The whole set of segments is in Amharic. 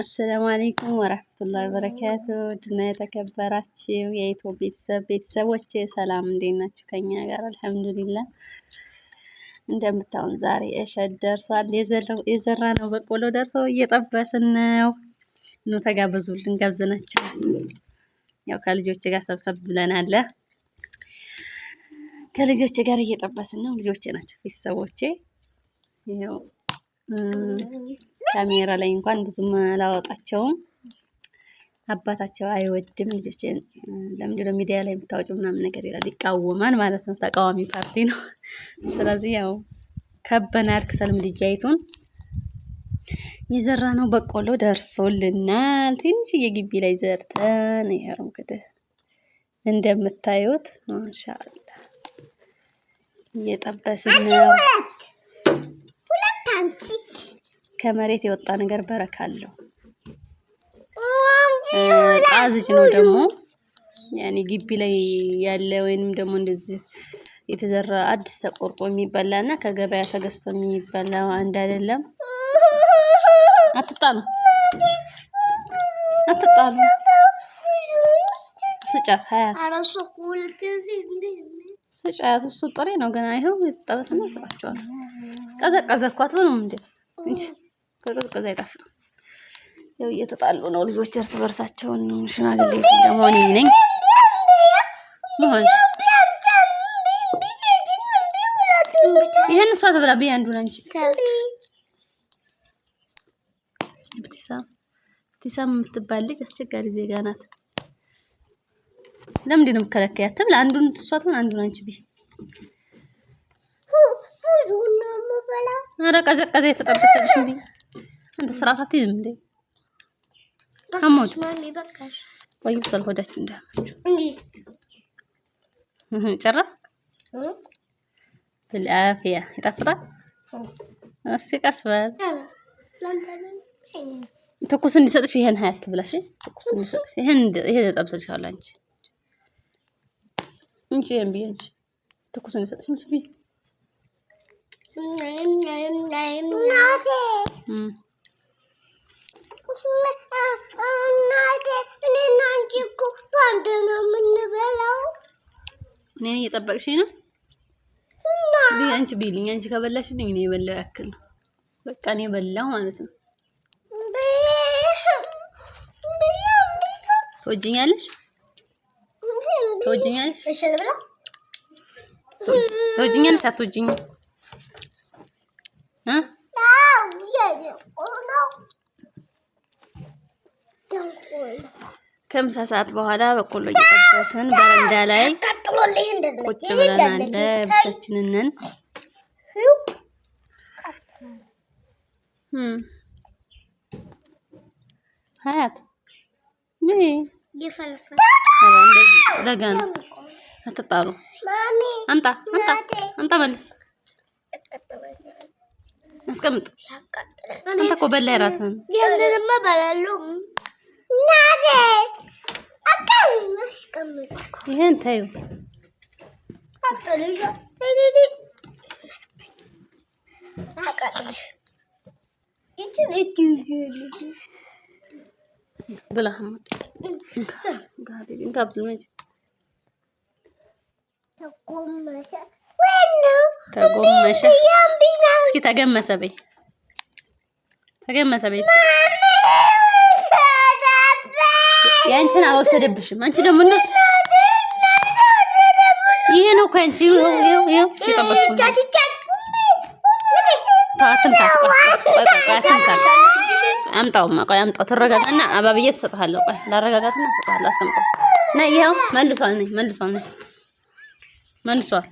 አሰላሙ አሌይኩም ወረህመቱላሂ ወበረካቱ ድና የተከበራችሁ የኢትዮ ቤተሰብ ቤተሰቦች ሰላም እንዴት ናችሁ? ከኛ ጋር አልሐምዱሊላ። እንደምታውን ዛሬ እሸት ደርሷል። የዘራ ነው በቆሎ ደርሶ እየጠበስን ነው። ኑ ተጋበዙልን፣ ጋብዘናቸው። ያው ከልጆች ጋር ሰብሰብ ብለናል። ከልጆች ጋር እየጠበስን ነው። ልጆቼ ናቸው ቤተሰቦቼ። ካሜራ ላይ እንኳን ብዙም አላወጣቸውም። አባታቸው አይወድም ልጆችን ለምንድነው ሚዲያ ላይ የምታወጪው ምናምን ነገር ይላል፣ ይቃወማል ማለት ነው። ተቃዋሚ ፓርቲ ነው። ስለዚህ ያው ከበናል ከሰልም ልጃይቱን የዘራ ነው በቆሎ ደርሶልናል። ትንሽ የግቢ ላይ ዘርተን ይሄው እንግዲህ እንደምታዩት ማሻአላ እየጠበስን ነው። ከመሬት የወጣ ነገር በረካ አለው። ጣዝጭ ነው ደግሞ ያኔ ግቢ ላይ ያለ ወይንም ደግሞ እንደዚህ የተዘራ አዲስ ተቆርጦ የሚበላ እና ከገበያ ተገዝቶ የሚበላ አንድ አይደለም። አትጣሉ፣ አትጣሉ። ስጫት ሀያ ስጫት። እሱ ጥሬ ነው ገና። ይኸው የተጠበሰ ነው። ስባቸዋል። ቀዘቀዘ እኮ አትበሉም እንዴ? ከቅዝቅዝ አይጣፍጥም። ያው እየተጣሉ ነው ልጆች እርስ በርሳቸውን። ሽማግሌ ደግሞ እኔ ነኝ ይህን እሷ ተብላብኝ አንዱን አንቺ ኢብቲሳም የምትባል ልጅ አስቸጋሪ ዜጋ ናት። ለምንድን ነው የምከለከያት? ትብላ አንዱን ትሷትን አንዱን አንቺ ቢ ኧረ ቀዘቀዘ የተጠበሰልሽ አንተ ስራ ሳትይዝ እንዴ? አሞት ወይ ብሰል ሆዳችሁ እንዳያማችሁ ጨረስ ብልአፍያ ይጣፍጣል። እስቲ ቀስ በል ትኩስ እንዲሰጥሽ ይሄን ሀያት ትብላሽ። ትኩስ እንዲሰጥሽ ይሄን ይሄ ተጠብሰልሻል አንቺ እንጂ ይሄን ብዬሽ እንጂ ትኩስ እንዲሰጥሽ እንጂ ብዬሽ እኔ እየጠበቅሽኝ ነው። አንቺ ቢልኝ አንቺ ከበላሽልኝ እኔ የበላው ያክል ነው። በቃ እኔ በላው ማለት ነው። ትወጂኛለሽ? ትወጂኛለሽ? ትወጂኛለሽ? አትወጂኝም? ከምሳ ሰዓት በኋላ በቆሎ እየጠበስን በረንዳ ላይ ቁጭ ብለናል። ብቻችንን ነን። ሀያት ለጋ ነው። አትጣሉ። አምጣ አምጣ አምጣ፣ መልስ አስቀምጥ። አንተ እኮ በላይ ራስህን ይህን ታዩ ብላ ተጎመሰ። እስኪ ተገመሰ በይ ተገመሰ በይ ያንቺን አልወሰደብሽም። አንቺ ደግሞ እንደስ ይሄ ነው እኮ አንቺ አምጣውማ ቆይ አምጣው ትረጋጋና አባብዬ ትሰጥሃለሁ። ቆይ ላረጋጋትና ትሰጥሃለሁ። አስቀምጠው እና ይኸው መልሷል። ነይ መልሷል። ነይ መልሷል።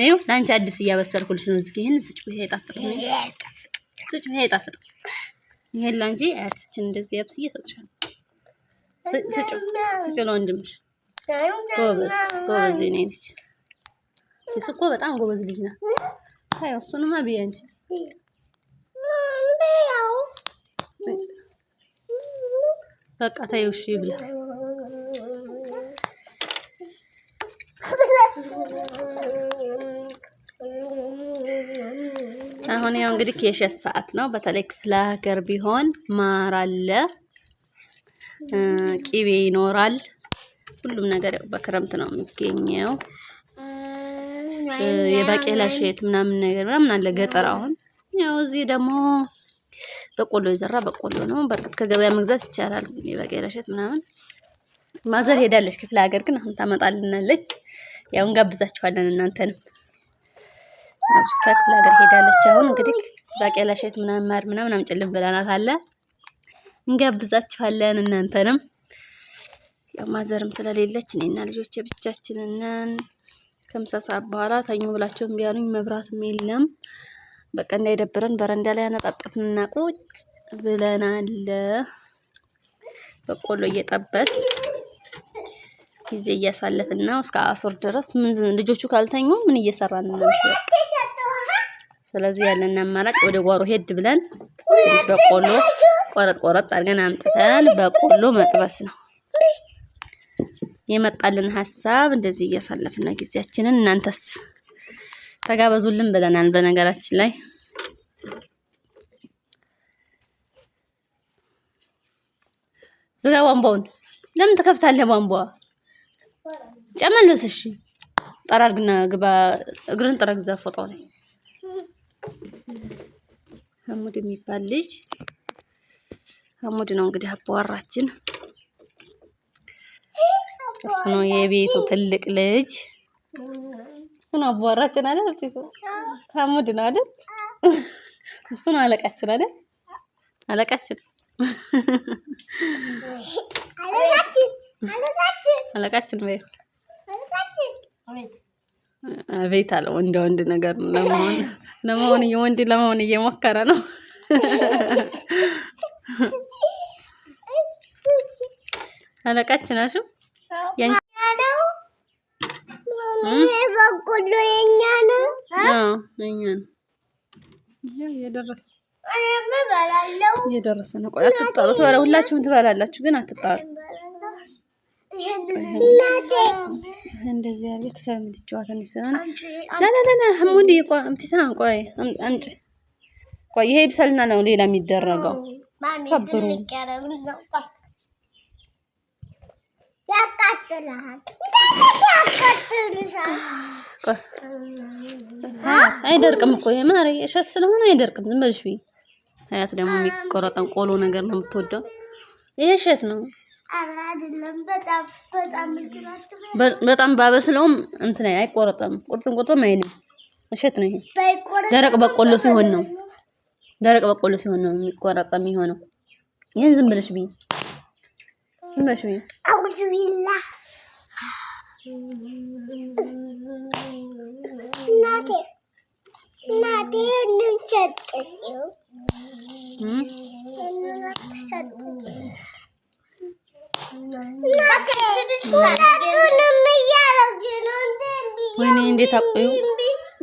ይኸው ለአንቺ አዲስ እያበሰልኩልሽ ነው። እዚህ ይሄን ስጭው። ይሄ ይጣፍጥ ነው። ይሄ ይጣፍጥ። ይሄን ለአንቺ አያትችን እንደዚህ ያብስዬ እሰጥሻለሁ። ስጭ ለወንድምሽ። ጎበዝ ጎበዝ፣ የእኔ ልጅ ኪስ እኮ በጣም ጎበዝ ልጅ ናት። ታየው እሱንማ ብዬሽ አንቺ በቃ ታየው። እሺ ብላ አሁን ያው እንግዲህ የሸት ሰዓት ነው። በተለይ ክፍለ ሀገር ቢሆን ማር አለ ቂቤ ይኖራል። ሁሉም ነገር በክረምት ነው የሚገኘው። የባቄላ ሸት ምናምን ነገር ምናምን አለ ገጠር። አሁን ያው እዚህ ደግሞ በቆሎ የዘራ በቆሎ ነው። በእርግጥ ከገበያ መግዛት ይቻላል። የባቄላ ሸት ምናምን ማዘር ሄዳለች ክፍለ ሀገር፣ ግን አሁን ታመጣልናለች። ያው እንጋብዛችኋለን እናንተንም ከክፍለ ሀገር ሄዳለች። አሁን እንግዲህ ባቄላ ሸት ምናምን ማር ምናምን አምጪልን ብለናት አለ እንጋብዛችኋለን። እናንተንም ያው ማዘርም ስለሌለች እኔና ልጆቼ ብቻችንን ነን። ከምሳ ሰዓት በኋላ ተኙ ብላቸው ቢያሉኝ መብራትም የለም። በቃ እንዳይደብረን በረንዳ ላይ አነጣጠፍንና ቁጭ ብለናል። በቆሎ እየጠበስ ጊዜ እያሳለፍን ነው። እስከ አሶር ድረስ ምን ልጆቹ ካልተኙ ምን እየሰራን ነው? ስለዚህ ያለን አማራጭ ወደ ጓሮ ሄድ ብለን በቆሎ ቆረጥ ቆረጥ አድርገን አምጥተን በቆሎ መጥበስ ነው የመጣልን ሀሳብ። እንደዚህ እያሳለፍን ነው ጊዜያችንን። እናንተስ ተጋበዙልን ብለናል። በነገራችን ላይ ዝጋ ቧንቧውን። ለምን ትከፍታለህ? ቧንቧ ጨመልስ። እሺ ጠራርግና ግባ። እግርን ጠራርግ። ፎጣው ላይ አሙድ የሚባል ልጅ ከሙድ ነው እንግዲህ አባወራችን እሱ ነው የቤቱ ትልቅ ልጅ እሱ ነው አባወራችን አይደል? እሱ ከሙድ ነው አይደል? እሱ ነው አለቃችን አይደል? አለቃችን አለቃችን ወይ ቤት አለ ወንድ ወንድ ነገር ለመሆን ለመሆን የወንድ ለመሆን እየሞከረ ነው። አለቃችን ናችሁ። በቆሎ የኛ ነው። ነው። ነው። ቆይ ትበላ ሁላችሁም ትበላላችሁ፣ ግን አትጣሩ እንደዚህ ያለ ለለለለ ቆይ ቆይ ይሄ ይብሰልና ነው ሌላ የሚደረገው ሰብሩ አይደርቅም እኮ ይሄ ማሪ እሸት ስለሆነ አይደርቅም። ዝም በልሽ አያት ደግሞ የሚቆረጠን ቆሎ ነገር ነው የምትወደው። ይሄ እሸት ነው። በጣም ባበስለውም እንትን አይቆረጠም፣ ቁርጥም ቁርጥም አይልም። እሸት ነው ይሄ። ደረቅ በቆሎ ሲሆን ነው ደረቅ በቆሎ ሲሆን ነው የሚቆረጠ የሚሆነው። ይህን ዝም ብለሽ ብይ መሽኝ አውጁ ቢላ እናቴ እናቴ እንንሸጥቂው ወይኔ እንዴት አቆዩ!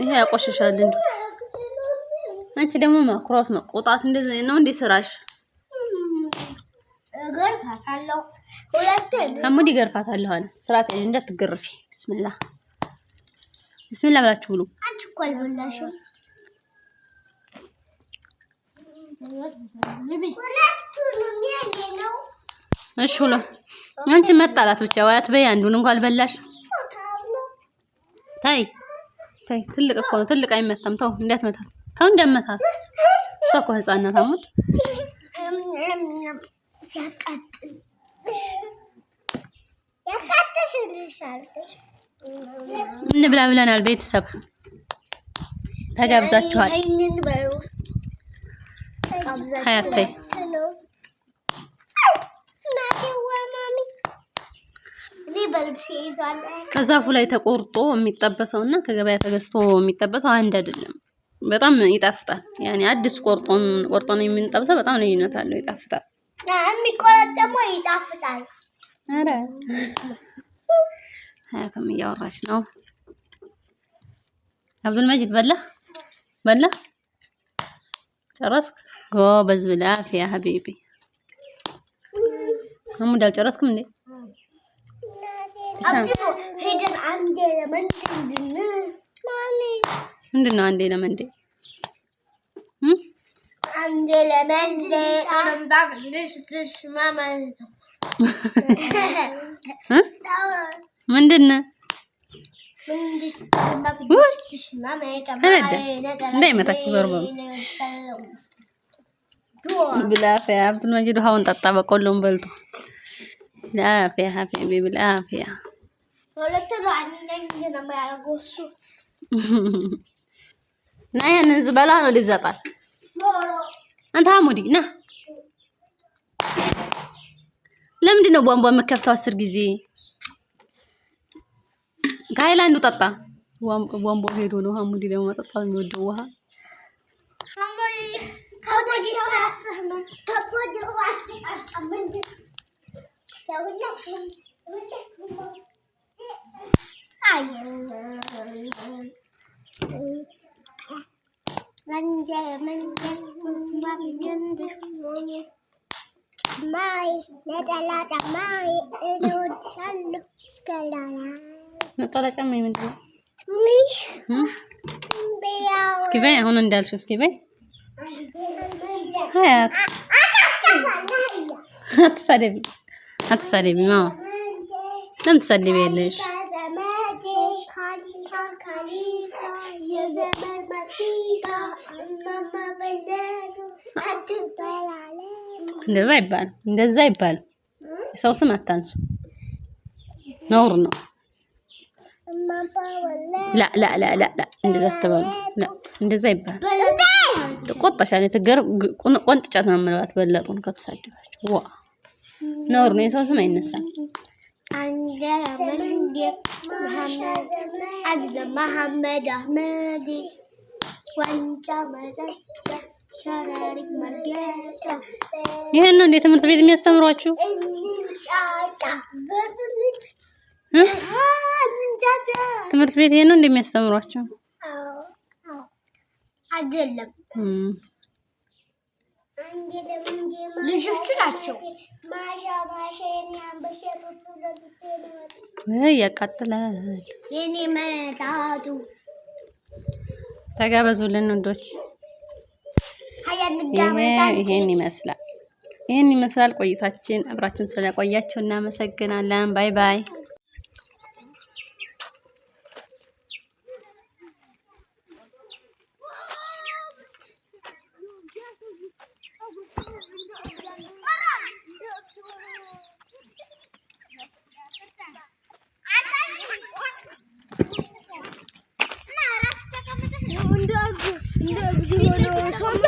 ይሄ ያቆሸሻል። እንዴ አንቺ ደግሞ መኩራት መቆጣት እንደዚህ ነው እንዴ ስራሽ? አሙድ ይገርፋታል። ሆነ ስርዓት እንዳትገርፊ። ብስምላ ብስምላ ብላችሁ ብሉ። እሺ ሁሉ አንቺ መጣላት ብቻ ወይ በይ አንዱን እንኳን አልበላሽ። ታይ ታይ፣ ትልቅ እኮ ነው። ትልቅ አይመታም። ተው እንዳትመታት፣ ተው እንዳትመታት። እሷ እኮ ህፃናት አሙድ ሲያቃጥል እንብላ ብለናል። ቤተሰብ ተጋብዛችኋል። ሀያታይ ከዛፉ ላይ ተቆርጦ የሚጠበሰው እና ከገበያ ተገዝቶ የሚጠበሰው አንድ አይደለም። በጣም ይጣፍጣል። ያኔ አዲስ ቆርጦን ቆርጦን የምንጠብሰው በጣም ልዩነት አለው። ይጣፍጣል። የሚቆረጥ ደግሞ ይጣፍጣል። ኧረ ሀያትም እያወራች ነው። አብዱል መጂድ በላ በላ ጨረስክ? ጎበዝ ብላ ያ ሀቢቢ አሙድ አልጨረስክም እንዴ? አንዴ ለመንዴ ምንድን ነው አንዴ ለመንዴ Angela Merkel aan bang, dus het is mama. ምንድን እንዳይመታችሁ ዞር በሉ بالعافية عبد المجيد وهو نططع بقول لهم بلطو بالعافية حبيبي بالعافية ولا طلع عندنا ما يعرفوش نعم انت عمودي نه لم دي نبوم بوم مكيف تواصل جزي قايلة نو تطا بوم بوم بوم هيدو نو عمودي لو ما تطا نو دوها ነጠላ ጫማ ምንድን ነው? እስኪ በይ አሁን እንዳልሽው እስኪ በይ ሀያት አትሳደቢ፣ አትሳደቢ ለምን ትሳደቢ የዘመን ማስቲካ ማማ በዘሩ አትበላለ። እንደዛ ይባል እንደዛ ይባል። የሰው ¿Mm? ስም አታንሱ፣ ነውር ነው። እንደዛ አትበሉ። እንደዛ ይባል። ተቆጣሻል። ተገር ቆንጥጫት ነው የምንባት። በለጡን ከተሳደባችሁ ዋ ነውር ነው። የሰው ስም አይነሳም። አንገላ አህመድ ዋንጫ መጠጫ ሸረሪት ይህን ነው እንደ ትምህርት ቤት የሚያስተምሯችሁ። ትምህርት ቤት ይሄን ነው እንደሚያስተምሯችሁ አይደለም። ልጆቹ ናቸው። ያቃጥላል። ተጋበዙልን ወንዶች። ይሄን ይመስላል ይሄን ይመስላል ቆይታችን። አብራችሁን ስለቆያችሁ እናመሰግናለን። ባይ ባይ። 说。